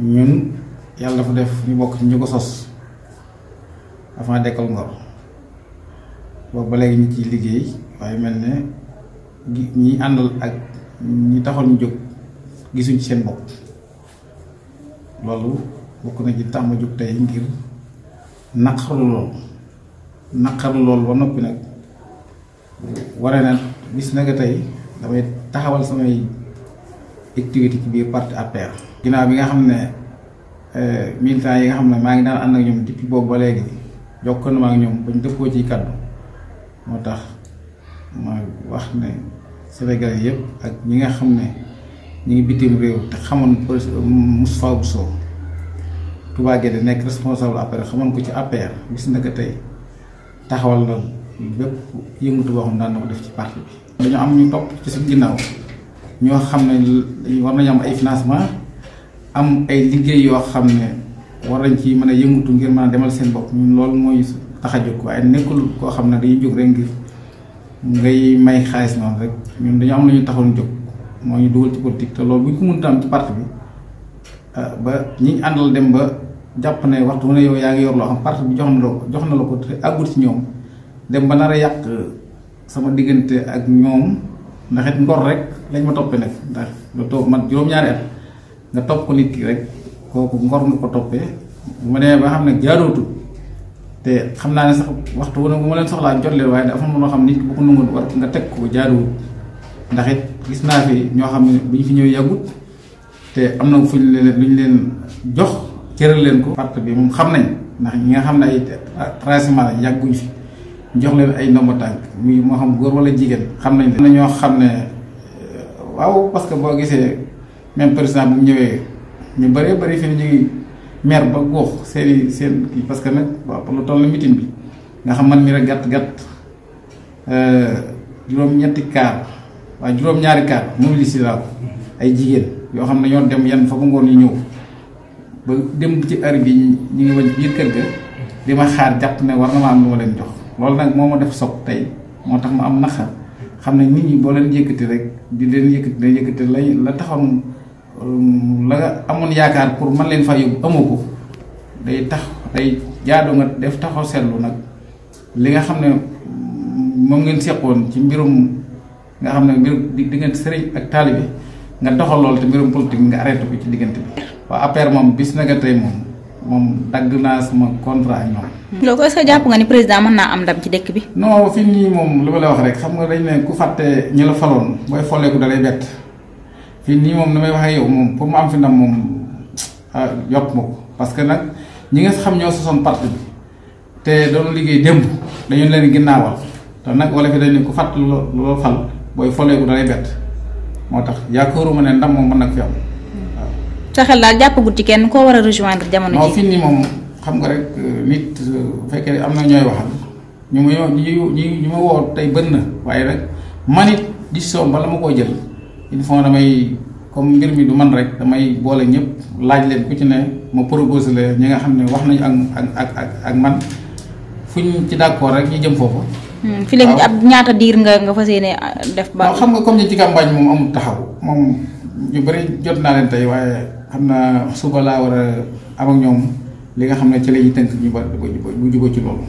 ñun yàlla dafa def ñu bokk ci ñu ko sos avant dekkal ngor boobu ba léegi ñu ciy liggéey waaye mel ne gi ñi àndal ak ñi taxoon ñu jóg gisuñ ci seen bopp loolu bokk na ci tàmm jóg tey ngir naqaru lool naqaru lool ba noppi nag waree na bis na nga tey damay taxawal samay activité ci biir parti APR. ginnaaw bi nga xam ne euh, militants yi nga xam ne maa ngi daan am nag ñoom depuis boobu ba léegi jokkoon na ak ñoom bañ dëppoo ci kaddu moo tax ma wax ne Sénégalais yëpp ak ñi nga xam ne ñu ngi bitim réew te xamoon Moustapha Bousso Touba Guédé nekk responsable APR xamoon ko ci APR gis na ko tey taxawal na bépp yëngatu boo xam daan na ko def ci parti bi. dañu am ñu topp ci suñu ginnaaw. ñoo xam ne war nañu am ay financement am ay liggéey yoo xam ne war nañ ci mën a yëngatu ngir mën a demal seen bopp ñun loolu mooy tax a jóg waaye nekkul koo xam ne dañuy jóg rek ngay may xaalis noonu rek ñun dañu am nañu taxoon jóg moo ñu dugal ci politique te loolu bu ñu ko mënut am ci parti bi ah, ba ñi ñu àndal dem ba jàpp ne waxtu wu ne yow yaa ngi yor loo xam parti bi jox na la ko jox na la ko te àggul ci ñoom dem ba nar a yàq sama diggante ak ñoom. ndax it ngor rek lañ ma toppee nag ndax lu toog man juróom-ñaari at nga topp ko nit ki rek kooku ngor nga ko toppee bu ma demee ba xam ne jaarootu te xam naa ne sax waxtu wu ne bu ma leen soxlaa jot leen waaye dafa am a xam nit ki bu ko nangu war nga teg ko jaarootu ndax it gis naa fi ñoo xam ne bu ñu fi ñëw yàggut te am na fu ñu leen lu ñu leen jox cëral leen ko. part bi moom xam nañ ndax ñi nga xam ne ay tracement lañ yàgguñ fi. jox leen ay ndomba tànk muy moo xam góor wala jigéen xam nañ ne ñoo xam ne waaw parce que boo gisee même par exemple mu ñëwee ñu bëree bëri fi ñu ngi mer ba góox seeni seen kii parce que nag waaw lu toll la bi nga xam man mi rek gàtt gàtt euh, juróom-ñetti kaar waaw juróom kaar mobilisé laa ay jigéen yoo xam ne ñoo dem yan fa ngoon ñu ñëw ba dem ci heure bi ñu ngi wañ biir kër ga di ma xaar jàpp ne war na ma am lu ma leen jox loolu nag moo ma def sopp tey moo tax ma am naxar xam ne nit ñi boo leen yëkkati rek di leen yëkkati day yëkkati lay la taxoon um, la nga amoon yaakaar pour man leen faa yóbbu amoo day tax day jaadoo nga def taxaw seetlu nag li nga xam ne moom ngeen seqoon ci mbirum nga xam ne mbirum diggante sëriñ ak taalibe nga doxal lool te mbirum politique nga arrêté ko ci diggante bi. waa APR moom bis nag nga tey moom. moom dagg naa sama contrat ak ñoom. Hmm. loolu est-ce jàpp nga ni président mën naa am ndam ci dëkk bi. non fi nii moom lu ma la wax rek xam nga dañ ne ku fàtte ñi la faloon booy folleeku dalay bett fii nii moom damay wax yow moom pour mu am fi ndam moom ah, yokk ma parce que nag ñi nga xam ñoo sosoon parti bi te doon liggéey démb dañu leen ginnaawal te nag wala dañ ne ku loo fal booy folleeku dalay bett moo tax yaakaaruma ne ndam moom mën na ko fi am hmm. waaw. sa xel daal jàppagul ci kenn koo war a rejoindre jamono ji. non nii moom xam nga rek euh, nit euh, bu fekkee am na ñooy waxal ñu ma ñoo ñu ñu ma woo tey bëri na waaye rek man di décision bala ma koo jël il faut damay comme mbir mi du man rek damay boole ñëpp laaj leen ku ci ne ma proposé ñi nga xam ne wax nañu ak ak ak ak man fuñ ci d'accord rek ñu jëm foofu. Hmm, waaw fi ab ñaata diir nga nga fas yéene euh, def. ba xam nga comme ni ci campagne moom amul taxaw moom ñu bari jot naa leen tey waaye. xam naa suba laa war a am ñoom li nga xam ne ci la ñuy tënk ñu ba bu jubóo ci loolu.